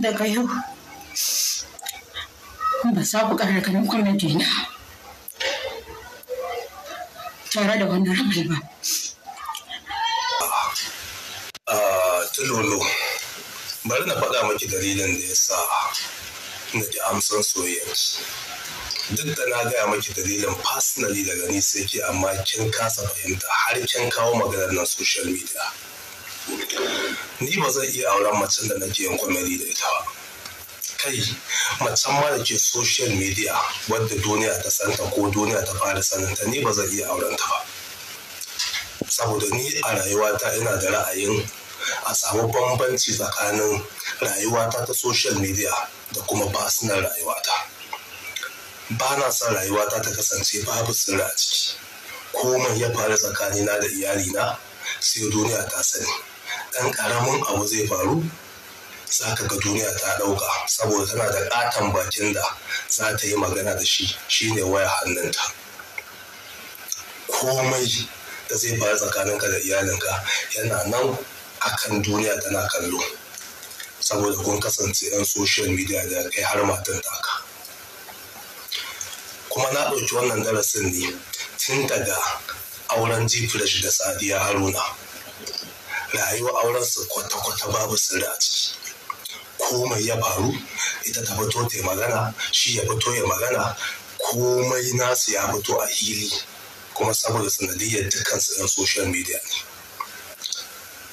daga yau ba za ku ƙara ganin gwamnati na tare da wannan rabai ba. Ah, tulolo bari na faɗa maki dalilin da ya sa na ji amsan soyayya Duk da na gaya maki dalilin personally daga ni sai ki amma kin kasa fahimta har kin kawo maganar na social media. ni ba zan iya auren macen da nake yin kwamari da ita ba kai macen da ke social media wadda duniya ta santa ko duniya ta fara sananta ni ba zan iya auren ta ba saboda ni a rayuwata ina da ra'ayin a samu bambanci tsakanin rayuwata ta social media da kuma basunan rayuwata ba na son rayuwata ta kasance babu sirri a ciki komai ya faru tsakanina da iyalina sai duniya ta sani ɗan ƙaramin abu zai faru za ka ga duniya ta ɗauka saboda tana da ƙaton bakin da za ta yi magana da shi shi ne waya hannunta komai da zai faru tsakaninka da iyalinka yana nan akan duniya tana kallo saboda kun kasance 'yan social media da kai har matan taka kuma na ɗauki wannan darasin ne tun daga auren jifirashi da sadiya haruna rayuwar auren su kwata-kwata babu sirri a ciki komai ya faru ita ta fito ta magana shi ya fito ya magana komai nasu ya fito a hili kuma saboda sanadiyyar dukkan su yan social media ne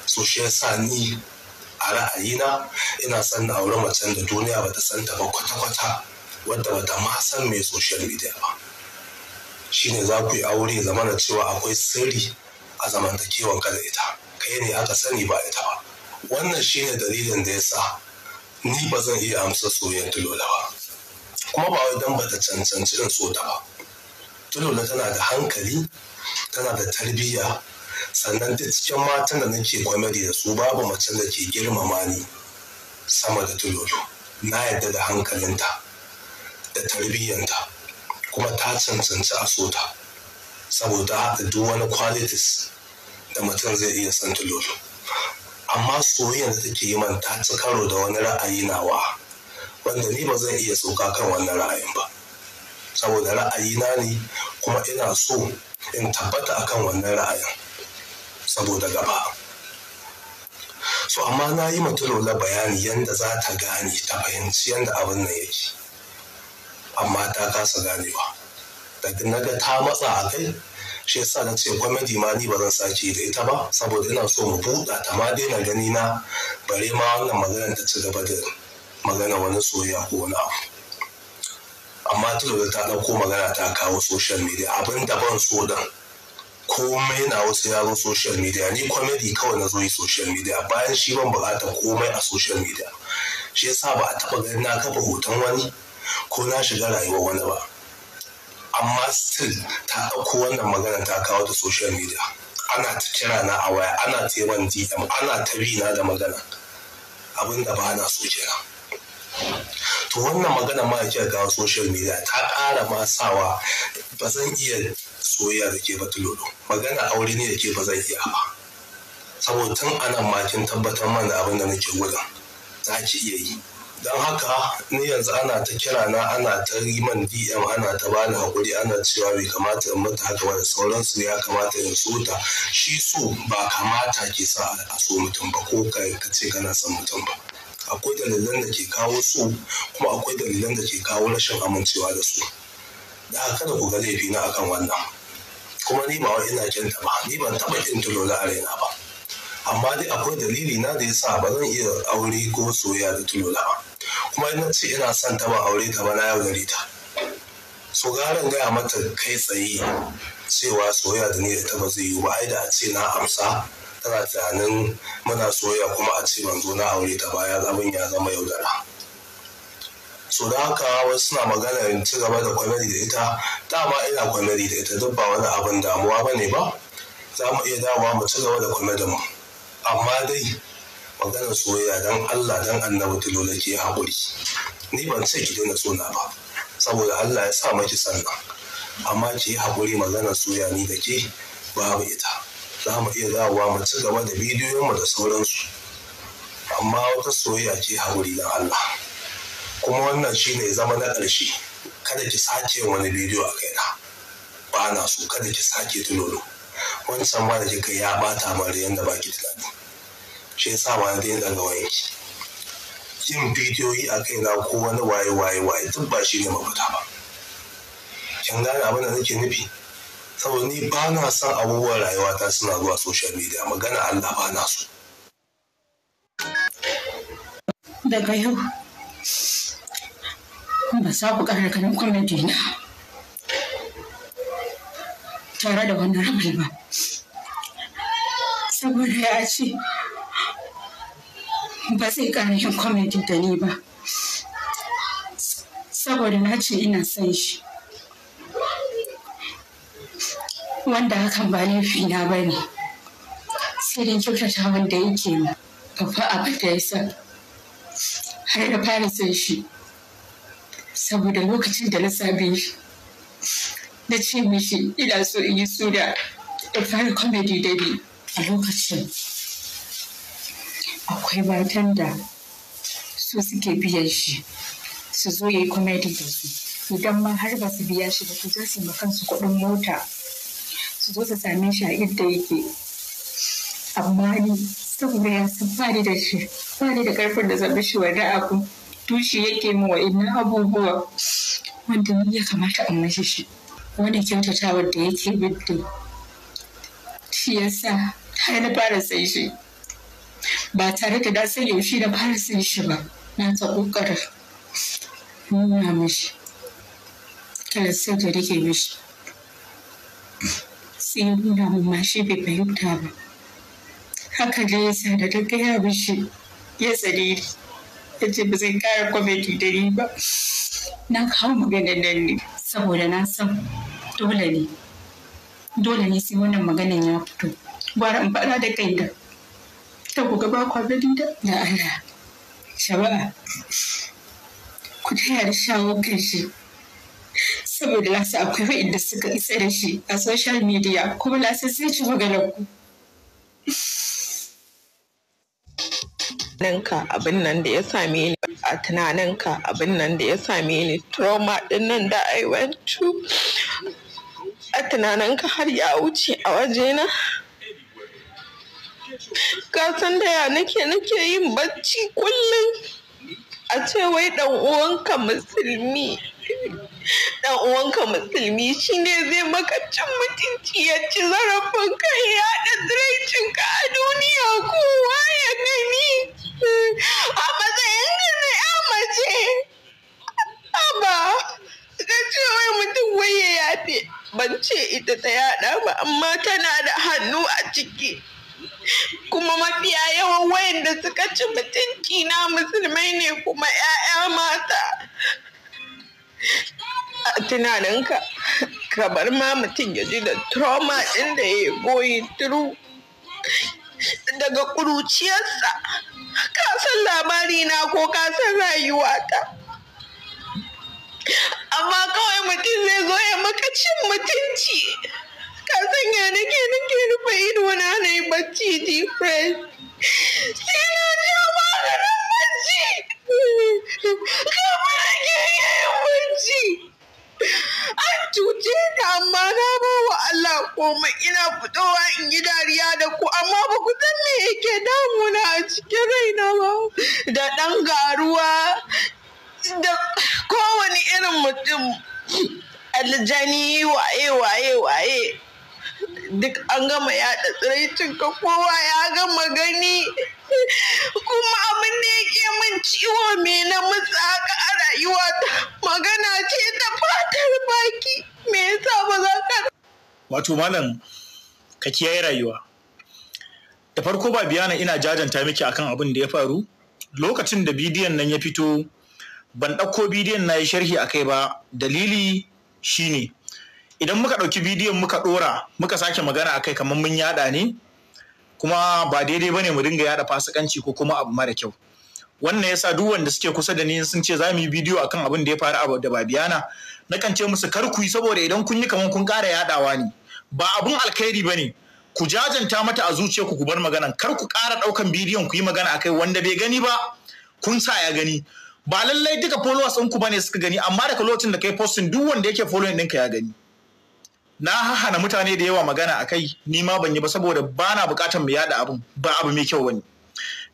social sa ni a ra'ayina ina son na aure macen da duniya bata san ta ba kwata-kwata wadda bata ma san mai social media ba shine za ku yi aure zamana cewa akwai sirri a zamantakewan ka da ita kai ne aka sani ba ita ba wannan shine dalilin da ya sa ni ba zan iya amsa soyayyar tulola ba kuma ba wai dan bata cancanci in so ta ba tulola tana da hankali tana da tarbiyya sannan ta cikin matan da nake kwamari da su babu macen da ke girmama ni sama da tulolo na yadda da hankalinta da tarbiyyanta kuma ta cancanci a sota saboda haka duk wani kwalitis. da mutum zai iya san tulur amma soyayyar da take yi man ta ci karo da wani ra'ayi nawa wanda ni ba zan iya soka kan wannan ra'ayin ba saboda ra'ayina ne kuma ina so in tabbata akan wannan ra'ayin saboda gaba so amma na yi matulola bayani yadda za ta gane ta fahimci yadda abin nan yake amma ta kasa ganewa daga naga ta matsa a kai shi yasa na ce gwamnati ma ni ba zan sake da ita ba saboda ina so mu buɗa ta ma daina gani na bare ma wannan magana ta ci gaba da magana wani soyayya ko wani abu amma tun da ta ɗauko magana ta kawo social media abin da ban so dan komai na wasu yaro social media ni comedy kawai na zo yi social media bayan shi ban buƙatar komai a social media shi yasa ba a taɓa ganin na kafa hoton wani ko na shiga rayuwar wani ba amma still ta ɗauko wannan magana ta kawo ta social media ana ta kira na a waya ana ta yi wani dm ana ta bi na da magana abin da ba na so kenan to wannan magana ma yake ga social media ta ƙara ma sawa ba zan iya soyayya da ke batulolo magana aure ne da ke ba zan iya ba saboda tun ana makin tabbatar mana abin da nake gudun za ki iya yi don haka ni yanzu ana ta kira na ana ta yi man dm ana ta bani hakuri ana cewa bai kamata in mata haka ba da sauransu ya kamata in so ta shi so ba kamata ke sa a so mutum ba ko ka ce kana son mutum ba akwai dalilan da ke kawo so kuma akwai dalilan da ke kawo rashin amincewa da su da haka da ku ga laifi na akan wannan kuma ni ba wai ina kinta ba ni ban taba kin lola a raina ba amma dai akwai dalili na da yasa ba zan iya aure ko soya da tulola ba kuma ina ce ina son ta ba aure ta ba na yau gare ta so garin gaya mata kai tsaye cewa soyayya da ni da ta ba zai yi ba ai da a ce na amsa tana tunanin muna soya kuma a ce manzo na aure ta baya abin ya zama yaudara so da haka wasu suna magana in ci gaba da kwamari da ita dama ina kwamari da ita duk ba wani abin damuwa ba ne ba za mu iya dawowa mu ci gaba da kwamari mu amma dai maganar soyayya don Allah don annabi tilola ke haƙuri ni ban sai ki daina tsona ba saboda Allah ya sa maki sannan amma ki yi haƙuri maganar soyayya ni da ke babu ita za mu iya dawowa mu ci gaba da mu da sauransu amma wata soyayya ce haƙuri dan Allah kuma wannan shi ne zama na ƙarshe kada ki sake wani bidiyo a kaina ba na so kada ki sake tulolo wancan ba da kika ya bata mara yadda baki tunani shi ya sa wani dai daga wayanki yin bidiyoyi a kai na ko wani waye waye waye duk ba shi ne mafita ba kin gane abin da nake nufi saboda ni ba na son abubuwan rayuwata suna zuwa social media magana Allah ba na so daga yau ba za ku ƙara kanin kwamitina tare da wani rabin ba saboda ya ce ba zai ƙara yin kwamiti da ni ba saboda na ce ina son shi wanda hakan ba fi na ba ne sai dai kyautata wanda yake ma babba abin da ya sa har da fara son shi saboda lokacin da na sabi shi na ce mishi ina so in yi su da fara comedy da ni a lokacin akwai matan da su suke biyan shi su zo ya yi comedy da su idan ma har ba su biya shi ba su zasu su ma kansu kuɗin mota su zo su same shi a inda yake amma ni saboda ya san fari da shi fari da karfin da zaɓi shi wani abu tushe yake ma ina abubuwa wanda ni ya kamata a mashi shi kuma da kyautatawar da yake bidde shi yasa har na fara sai shi ba tare da na san yaushe na fara sai shi ba na ta kokarin nuna mishi sai da rike mishi sai nuna mu ma shi bai fahimta ba haka ne yasa da ta gaya mishi ya tsare ya ce ba zai kara kwamiti da ni ba na kawo maganin nan ne saboda na san dole ne dole ne sai wannan maganin ya fito gwara in faɗa da da ta ku gaba ku bari da ya Allah shaba'a ku taya da shawo kan shi saboda lasa akwai wa'inda suka isa da shi a social media kuma lasa sai ci maganar ku ninka abin nan da ya same ni a tunaninka abin nan da ya same ni trauma din nan da I went to a tunaninka har ya wuce a wajena ka san da ya nake nake yin bacci kullum a ce wai dan uwanka musulmi dan uwanka musulmi shine zai maka cin mutunci ya ci zarafin kai ya da ziraicin ka a duniya kowa ya gani a matsayin ce Aba, ka wai mutum wai ya yafe ban ce ita ta yaɗa ba amma tana da hannu a ciki kuma mafiya yawan wayanda suka ci mutunci na musulmai ne kuma 'ya'ya mata a tunaninka ka ma mutum ya ji da trauma ɗin da ya goyi turu daga ƙuruciyarsa ka san labari na ko ka san rayuwata amma kawai mutum zai zo ya maka cin mutunci ka san ya nake nake rufe ido na na yi bacci fred sai na ja maganin bacci kamar ake yin bacci an cuce ni amma na bawa wa Allah komai ina fitowa in yi dariya da ku amma ba ku san me yake damuna a cikin raina ba da ɗan garuwa da kowane irin mutum aljani waye waye waye duk an gama yaɗa tsiraicin ka kowa ya gama gani kuma abin da yake min ciwo me na mutsaka rayuwa magana ce ta fatar baki me yasa ba za ka wato malam ka kiyaye rayuwa da farko ba biyana ina jajanta miki akan abin da ya faru lokacin da bidiyon nan ya fito ban ɗauko bidiyon na yi sharhi a kai ba dalili shine idan muka ɗauki bidiyon muka ɗora muka sake magana a kai kamar mun yaɗa ne kuma ba daidai ba ne mu dinga yaɗa fasikanci ko kuma abu mara kyau wannan yasa duk wanda suke kusa da ni sun ce za mu yi bidiyo akan abin da ya faru a da babiyana nakan ce musu kar ku yi saboda idan kun yi kamar kun ƙara yaɗawa ne ba abun alkhairi ba ne ku jajanta mata a zuciyarku ku bar magana kar ku ƙara ɗaukan bidiyon ku yi magana akai wanda bai gani ba kun sa ya gani ba lallai duka followers ɗinku bane suka gani amma daga lokacin da kai posting duk wanda yake following ɗinka ya gani na hahana mutane da yawa magana akai ni ma ban yi ba saboda bana buƙatar mu yada abun ba abu mai kyau ne.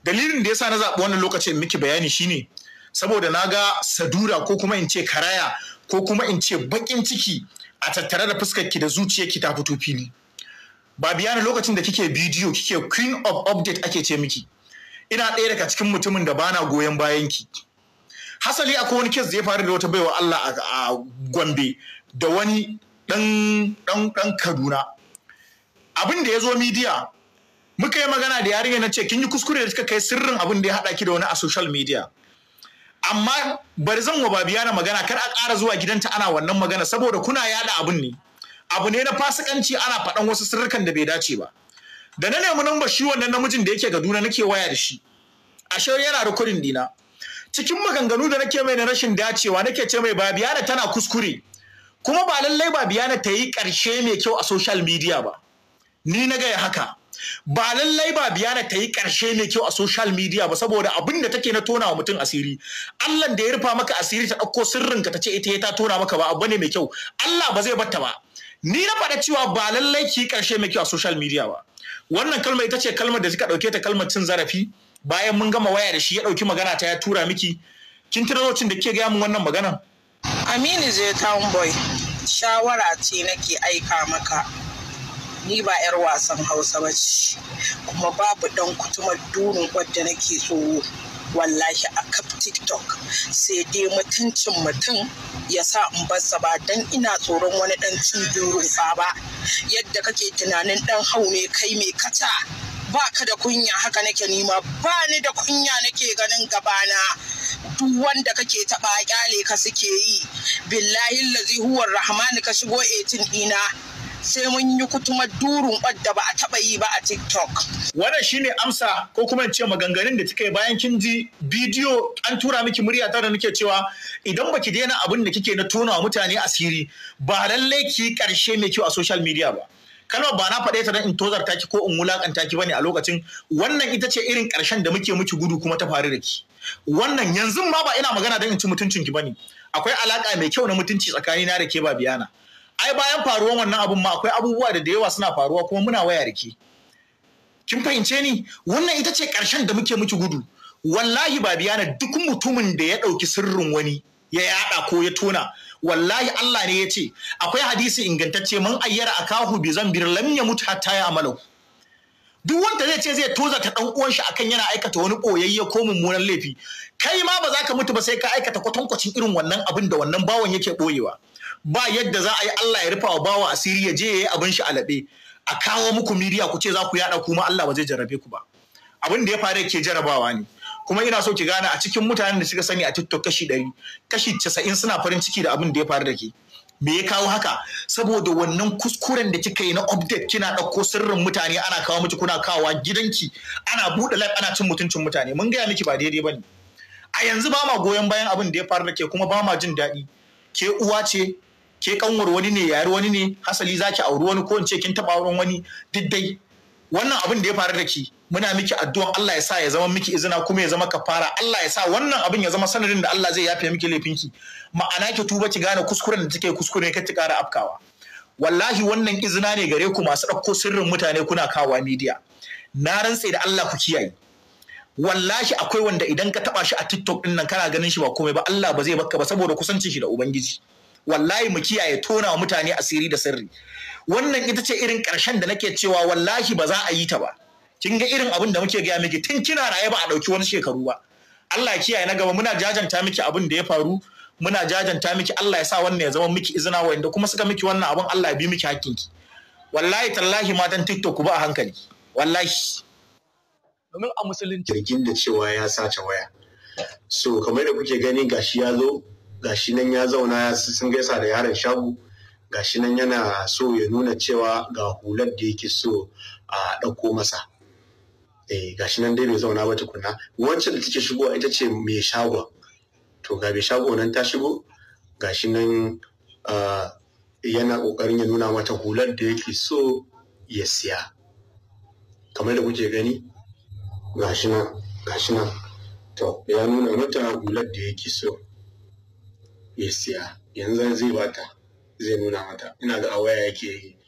dalilin da ya sa na zaɓi wannan lokacin miki bayani shine saboda na ga sadura ko kuma in ce karaya ko kuma in ce baƙin ciki a tattare da fuskarki da zuciyarki ta fito fili ba biya lokacin da kike bidiyo kike queen of update ake ce miki ina ɗaya daga cikin mutumin da bana goyon bayan ki hasali akwai wani kes da ya faru da wata baiwa Allah a Gombe da wani ɗan Kaduna abin da ya zo midiya muka yi magana da yarinya na ce kin yi kuskure da kika kai sirrin abin da ya haɗa ki da wani a social media amma bari zan wa babiyana magana kar a ƙara zuwa gidanta ana wannan magana saboda kuna yada abin ne abu ne na fasikanci ana faɗan wasu sirrukan da bai dace ba da na nemi namba shi wannan namijin da yake Kaduna nake waya da shi ashe yana rikodin dina cikin maganganu da nake mai na rashin dacewa nake ce mai babiyana tana kuskure kuma ba lallai babiyana ta yi ƙarshe mai kyau a social media ba ni na gaya haka ba lallai ba biyana ta yi ƙarshe mai kyau a social media ba saboda abin da take na tona wa mutum asiri Allah da ya rufa maka asiri ta ɗauko sirrinka ta ce ita ta tona maka ba abu ne mai kyau Allah ba zai batta ba ni na faɗa cewa ba lallai ki ƙarshe mai kyau a social media ba wannan kalmar ita ce kalmar da suka ɗauke ta kalmar cin zarafi bayan mun gama waya da shi ya ɗauki magana ta ya tura miki kin tuna lokacin da kike gaya min wannan magana Aminu zai town boy shawara ce nake aika maka ni ba 'yar wasan hausa ba ce kuma babu dan kutumar durin wadda nake tsoro wallahi a kaf tiktok sai dai mutuncin mutum ya sa in barsa ba dan ina tsoron wani dan cin durin ba yadda kake tunanin dan hau ne kai mai kaca, ba ka da kunya haka nake nima ba ni da kunya nake ganin gabana duk wanda kake taɓa kyale ka suke yi billahi lazihuwar rahmani ka shigo 18 ɗina sai mun yi kutuma durun wadda ba a taba yi ba a TikTok. Wannan shine amsa ko kuma in ce maganganun da kika yi bayan kin ji bidiyo an tura miki murya ta da nake cewa idan baki daina abin da kike na tona wa mutane asiri ba lallai ki karshe mai kyau a social media ba. kalmar ba na faɗe ta don in tozarta ki ko in wulakanta ki bane a lokacin wannan ita ce irin ƙarshen da muke miki gudu kuma ta faru da ki wannan yanzu ma ba ina magana don in ci mutuncin ki bane akwai alaka mai kyau na mutunci tsakanina da ke ba biyana ai bayan faruwan wannan abun ma akwai abubuwa da da yawa suna faruwa kuma muna waya da kin fahimce ni wannan ita ce karshen da muke miki gudu wallahi ba biyana duk mutumin da ya ɗauki sirrin wani ya yaɗa ko ya tona wallahi Allah ne ya ce akwai hadisi ingantacce man ayyara akahu bi zambir lam mutu hatta ya amalau duk wanda zai ce zai toza ta dan uwan shi akan yana aikata wani koyayye ko mummunan laifi kai ma ba za ka mutu ba sai ka aikata kwatankwacin irin wannan abin da wannan bawan yake boyewa ba yadda za a yi Allah ya rufa wa bawa asiri ya je ya yi abin shi alabe a kawo muku miriya ku ce za ku yada kuma Allah ba zai jarabe ku ba abin da ya faru ke jarabawa ne kuma ina so ki gane a cikin mutanen da suka sani a TikTok kashi ɗari kashi casa'in suna farin ciki da abin da ya faru da ke me ya kawo haka saboda wannan kuskuren da kika yi na update kina ɗauko sirrin mutane ana kawo miki kuna kawowa gidanki ana buɗe live ana cin mutuncin mutane mun gaya miki ba daidai bane a yanzu ba ma goyon bayan abin da ya faru da ke kuma ba ma jin daɗi ke uwa ce ke kanwar wani ne yayar wani ne hasali zaki auri wani ko in ce kin taba auren wani duk dai wannan abin da ya faru da ki muna miki addu'an Allah ya sa ya zama miki izina kuma ya zama kafara Allah ya sa wannan abin ya zama sanadin da Allah zai yafe miki laifinki ma'ana ki tuba ki gane kuskuren da take kuskure ka ki ƙara afkawa wallahi wannan izina ne gare ku masu ɗauko sirrin mutane kuna kawa media na rantse da Allah ku kiyaye wallahi akwai wanda idan ka taba shi a TikTok din nan kana ganin shi ba komai ba Allah ba zai baka ba saboda kusancin shi da ubangiji wallahi mu kiyaye tona wa mutane asiri da sirri wannan ita ce irin ƙarshen da nake cewa wallahi ba za a yi ta ba kin ga irin abin da muke gaya miki tun kina raye ba a ɗauki wani shekaru ba Allah ya kiyaye na gaba muna jajanta miki abin da ya faru muna jajanta miki Allah ya sa wannan ya zama miki izina wanda kuma suka miki wannan abin Allah ya bi miki hakkinki wallahi tallahi matan TikTok ku ba a hankali wallahi domin a musulunci da cewa ya sace waya so kamar da kuke gani gashi ya zo gashi nan ya zauna ya sun gaisa da yaron shago gashi nan yana so ya nuna cewa ga hular da yake so a ɗauko masa eh gashi nan dai bai zauna ba tukunna wancan da take shigowa ita ce mai shagon to ga mai shago nan ta shigo gashi nan yana kokarin ya nuna mata hular da yake so ya siya kamar da kuke gani gashi nan gashi nan to ya nuna mata hular da yake so ya siya yanzu zai bata zai nuna mata ina ga awaya yake yi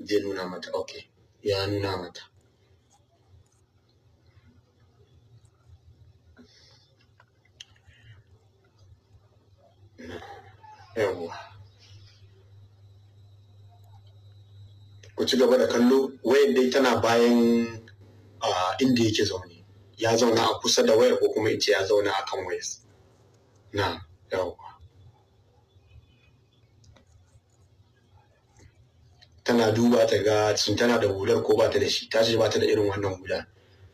zai nuna mata ok ya nuna mata yawwa ku ci gaba da kallo wayan dai tana bayan inda yake zaune ya zauna a kusa da waya ko kuma ce ya zauna a kan wayas na yawwa tana duba ta ga cin tana da hular ko bata da shi ta ce bata da irin wannan hular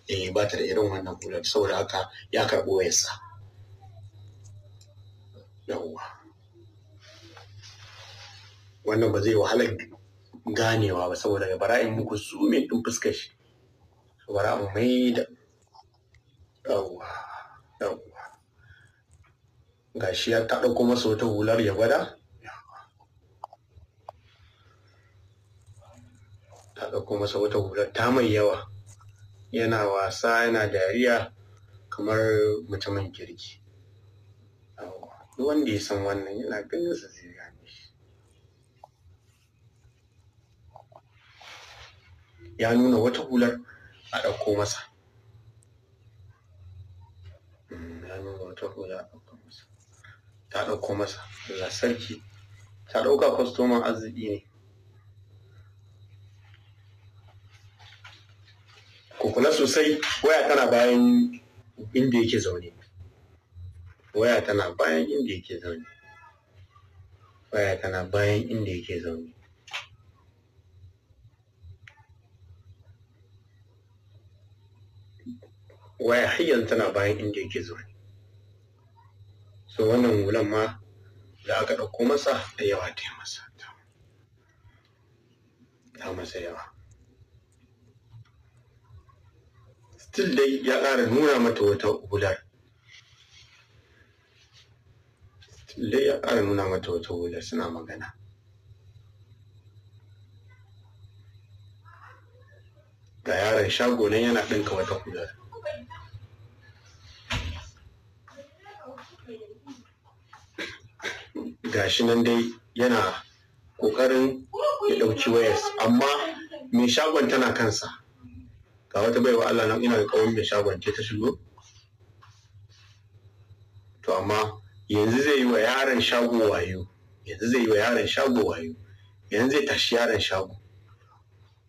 eh bata da irin wannan hular saboda haka ya karɓo yasa yawwa wannan ba zai wahala ganewa ba saboda ga bara'in muku me din fuskar shi bara mu mai da yawwa yawwa gashi ya ta ɗauko masa wata hular ya gwada ta ɗauko masa wata hular ta mai yawa yana wasa yana dariya kamar mutumin kirki wanda ya san wannan yana ganin su zai gane shi ya nuna wata hular a ɗauko masa hmm, ya nuna wata hular a ɗauko masa ta ɗauko masa da sarki ta ɗauka kwastoman arziki ne ku kula sosai waya tana bayan inda yake zaune waya tana bayan inda yake zaune waya tana bayan inda yake zaune waya hiyan tana bayan inda yake zaune so wannan wulan ma da aka ɗauko masa da yawa ta masa ta masa yawa still ya ƙara nuna mata wata hular ya ƙara nuna mata wata hular suna magana ga yaron shago nan yana ɗinka wata hular gashi nan dai yana ƙoƙarin ya ɗauki wayas, amma mai shagon tana kansa ga wata baiwa Allah nan ina da kawon mai shagon ce ta shigo to amma yanzu zai yi wa yaron shago wayo yanzu zai yi wa yaron shago wayo yanzu zai tashi yaron shago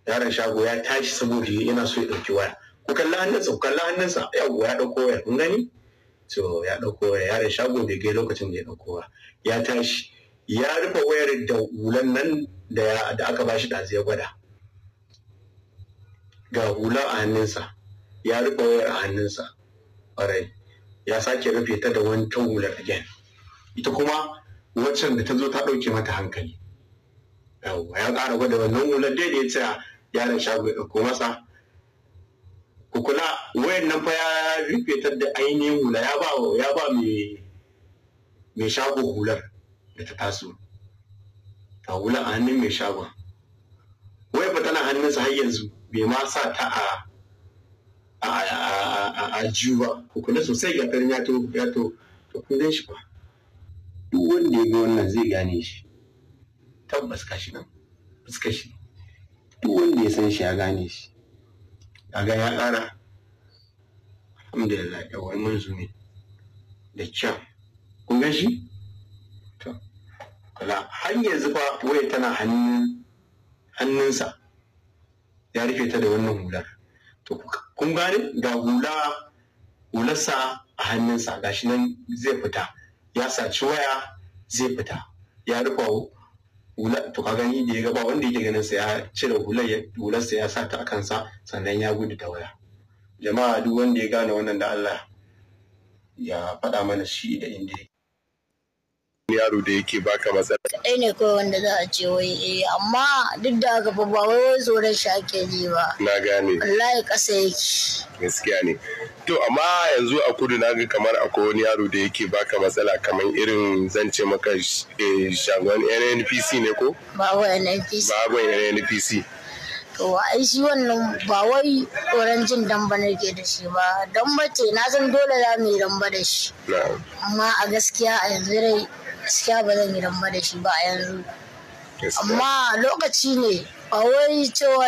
yaron shago ya tashi saboda yana so ya ɗauki waya ku kalla hannunsa ku kalla hannunsa yawwa ya ɗauko waya kun gani to ya ɗauko waya yaron shago bai ga lokacin da ya dauko waya ya tashi ya rufe wayar da wulan nan da aka bashi ɗazu ya gwada ga hula a hannunsa ya rufe wayar a hannunsa ƙwarai ya sake rufe ta da wani ta hular again ita kuma waccan da ta zo ta ɗauke mata hankali yawwa ya ƙara gwada wannan hular dai ya tsaya yaron shago ya ɗauko masa ku kula wayan nan fa ya rufe ta da ainihin hula ya ba ya mai shago hular da ta taso ta hula a hannun mai shagon wai fa tana hannunsa har yanzu bai ma sa ta a a ba ku kula sosai ga karin ya to ya to to kun shi ba duk wanda ya ga wannan zai gane shi tabbas shi nan fuskar shi duk wanda ya san shi ya gane shi kaga ya ƙara alhamdulillah yawai mun zume da kyau kun gan shi to kala hanyar yanzu waya tana hannun hannunsa ya rufe ta da wannan hular to kun gane ga hula hularsa a hannunsa ga shi nan zai fita ya saci waya zai fita ya rufa hula to ka gani da ya gaba wanda yake ganin sa ya cire hular hularsa ya sa ta a kansa sannan ya gudu da waya jama'a duk wanda ya gane wannan da Allah ya faɗa mana shi da inda yaro da yake baka matsala. Kaɗai ne kawai wanda za a ce wai eh amma duk da haka ba wai wai tsoron shi ake ji ba. Na gane. Wallahi ƙasa yake. Gaskiya ne. To amma yanzu a kudu na ga kamar akwai wani yaro da yake baka matsala kamar irin zan ce maka eh, shagon NNPC ne ko? Babu NNPC. Babu NNPC. To ai shi wannan ba wai tsoron jin damba ke da shi ba. Damba ce na san dole za mu yi damba da shi. Amma a gaskiya a yanzu rai gaskiya ba zan yi ramba da shi ba a yanzu amma lokaci ne ba wai cewa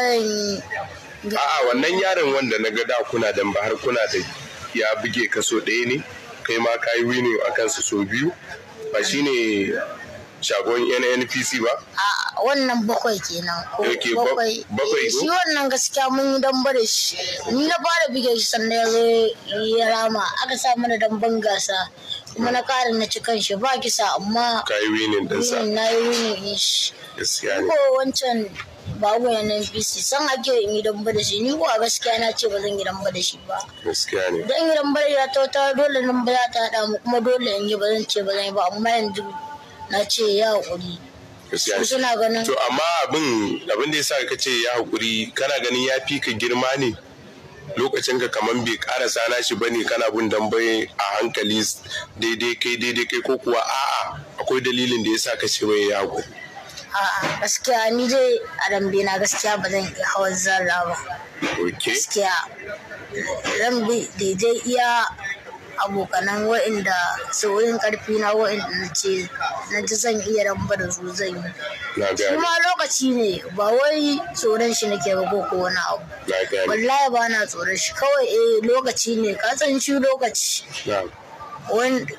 a'a wannan yaron wanda na ga da kuna da bahar kuna da ya buge kaso ɗaya ne kai ma ka yi wini a kansu so biyu ba shi ne shagon nnpc ba a wannan bakwai kenan bakwai eh, shi wannan gaskiya mun yi damba da shi ni na fara buge shi sannan ya rama aka sa mana damban gasa kuma na ƙara na ci kan shi ba kisa amma winin mm, na yi winin in shi gaskiya ne ko wancan ba goyon nan B.C. san ake yi yi ba da shi ni kuwa gaskiya na ce ba zan yi ba da shi ba gaskiya ne dan yi don da ta wata dole nan ba za ta haɗa mu kuma dole in yi ba zan ce ba zan yi ba amma yanzu na ce ya haƙuri suna ganin to amma abin abin da yasa ka ce ya haƙuri kana ganin ya fi ka girma ne lokacin ka kaman bai karasa ba bane kana bin dambe a hankali daidai kai daidai kai ko kuwa a'a akwai dalilin da ya sa ka ce mai ya a'a gaskiya ni dai a dambe na gaskiya ba zan iya hawan zarra ba gaskiya dambe daidai iya abokanan wa'inda sauyin karfi na wa'inda na ce na ji zan iya ramba da su zan yi kuma lokaci ne ba wai tsoron shi nake ba ko ko wani abu wallahi ba na tsoron shi kawai eh lokaci ne ka san shi lokaci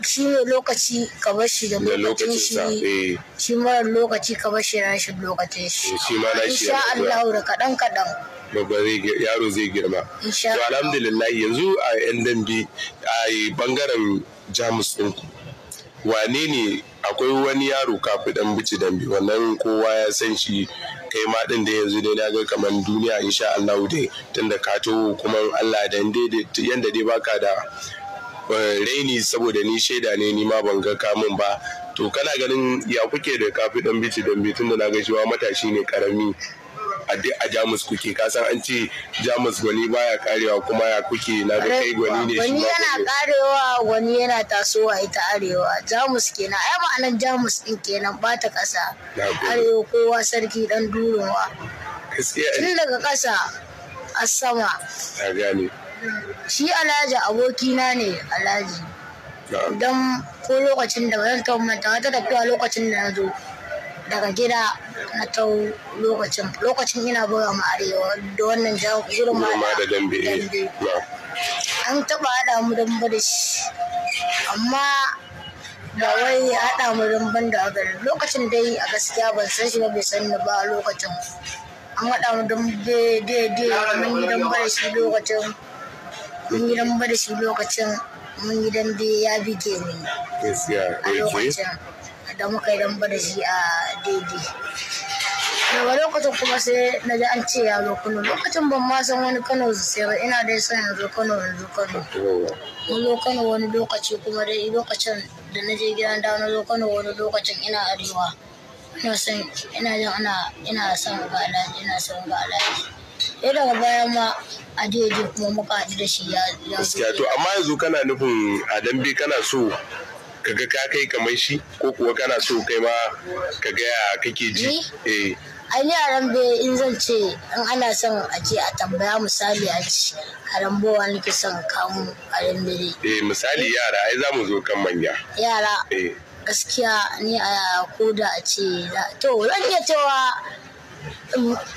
shi ne lokaci ka bar shi da lokacin shi eh. shi mara lokaci ka bar shi rashin lokacin shi eh, insha Allah da kaɗan kaɗan yaro zai girma to alhamdulillah yanzu a yan dambe a bangaren jamus ɗinku wane ne akwai wani yaro kafin dan bici dambe wannan kowa ya san shi kai ma din da yanzu dai na ga kamar duniya insha Allah dai tunda ka to kuma Allah dan dai yanda dai baka da eh, raini saboda ni shaida ne ni ma ban ga kamun ba to kana ganin ya kuke da kafi dan bici dambe tunda na ga shi matashi ne karami a duk a jamus kuke kasan an ce jamus gwani baya karewa kuma ya kuke na ga kai gwani ne shi gwani yana karewa gwani yana tasowa ita arewa jamus kenan ai ma'anan jamus din kenan ba ta kasa arewa kowa sarki dan durowa tun daga kasa a sama shi alhaji abokina ne alhaji don ko lokacin da ba zan manta wata tafiya lokacin da na zo daga gida Na katau lokacin lokacin ina buga ma arewa da wannan jawo ma da dambe eh. an taba haɗa mu dambe da shi amma ba wai ya haɗa mu dambe da a garin. lokacin dai a gaskiya ban san shi ba bai san ba a lokacin an haɗa mu dambe daidai mun yi dambe da shi lokacin mun yi dambe da shi lokacin mun yi dambe ya bige ni a eh, lokacin da muka yi damba da shi a daidai daga lokacin kuma sai na ji an ce ya zo kano lokacin ban ma san wani kano sai ba ina dai son yanzu kano yanzu kano mun zo kano wani lokaci kuma dai lokacin da na je gidan da na zo kano wani lokacin ina arewa ina son ina jin ana ina son ba alaji ina son ba alaji ya daga baya ma a daidai kuma muka haɗu da shi ya zo to amma yanzu kana nufin a dambe kana so ka ga ka kai kamar shi ko kuwa kana so kai ma ka gaya kake ji eh yaran Arambe in zan ce in ana son a ce a tambaya misali a ci Arambo wa nake son kawo Arambe dare Eh misali yara ai za mu zo kan manya. Yara. Eh. Gaskiya ni a koda a ce to zan iya cewa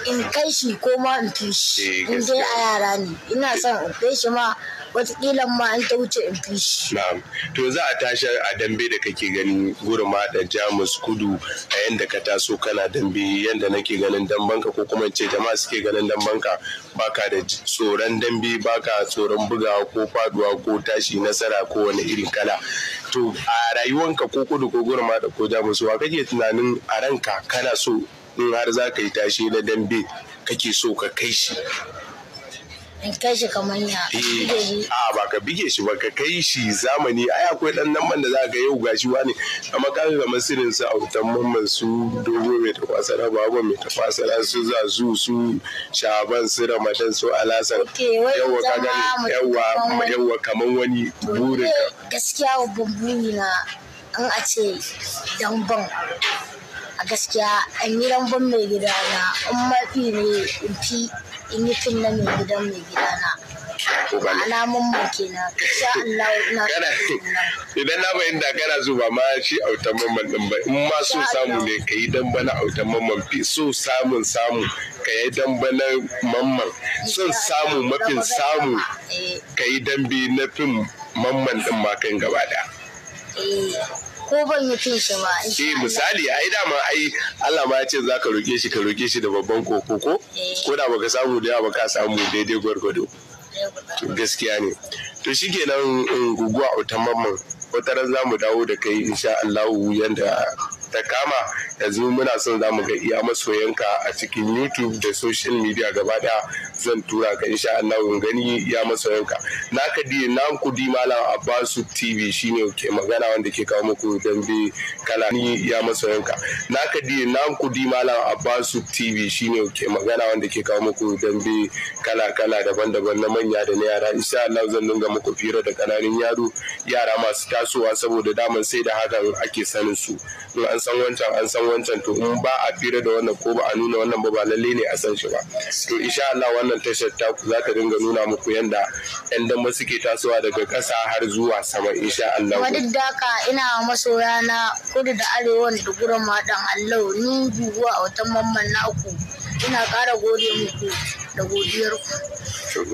in kai shi ko ma in tushe eh, in dai a yara ne ina son in kai shi ma wataƙila ma an ta wuce in fi shi. Na'am. To za a tashi a dambe da kake ganin gurma da Jamus Kudu a yanda ka taso kana dambe yanda nake ganin dambanka ko kuma ce jama'a suke ganin dambanka ka da tsoron dambe baka tsoron bugawa ko faduwa ko tashi nasara ko wani irin kala. To a rayuwanka ko kudu ko gurma da ko Jamus wa kake tunanin a ranka kana so in har za ka yi tashi na dambe kake so ka kai shi in kai shi kamar ya eh, a ba ka bige shi ba ka kai shi zamani ai akwai dan nan da za ka yau gashi wani amma ka ga kamar sirin su autan mamman su dogo mai tafasa da babu mai tafasa da su za su su shaban su ramadan su alasan yawa ka gani yawa yawa kamar wani burin ka. gaskiya babban buri na an a ce damban a gaskiya an yi damban mai gida na in mafi ne in fi in yi fim na mai gidan mai gidana ana mun mace na sha Allah na idan na bayin da kana so ba ma shi autan mamman din ba in ma so samu ne ka yi dan bana autan mamman fi so samun samu ka yi dan bana mamman son samu mafin samu eh. ka yi dambe na fin mamman din ma kan gaba da ko ban yi cin shi ba eh misali ai dama ai Allah ma ya ce za ka roke shi ka roke shi da babban koko ko eh. ko da baka samu da yawa ka samu daidai gwargwado gaskiya ne to shi in um, guguwa a wata ran mu dawo da kai insha Allah yanda ta kama yanzu muna son za mu ga iya masoyanka a cikin youtube da social media gaba daya zan tura ka insha Allah mun gani iya masoyanka na ka di na ku di malam abbasu tv shine ke magana wanda ke kawo muku bi kala ni iya masoyanka na ka di na ku di malam abbasu tv shine ke magana wanda ke kawo muku dambe kala kala daban-daban na manya da na yara insha Allah zan dinga muku fira da kananun yaro yara masu tasowa saboda daman sai da hakan ake sanin su in an san wancan an san wancan to in ba a fira da wannan ko ba a nuna wannan ba ba lalle ne a san shi ba to insha Allah wannan tashar ta ku za ta dinga nuna muku yanda yan damba suke tasowa daga ƙasa har zuwa sama insha Allah wa duk ina masoya na kudu da Arewan da gurin dan Allah ni guguwa a watan mamman na naku ina ƙara gode muku da godiyar ku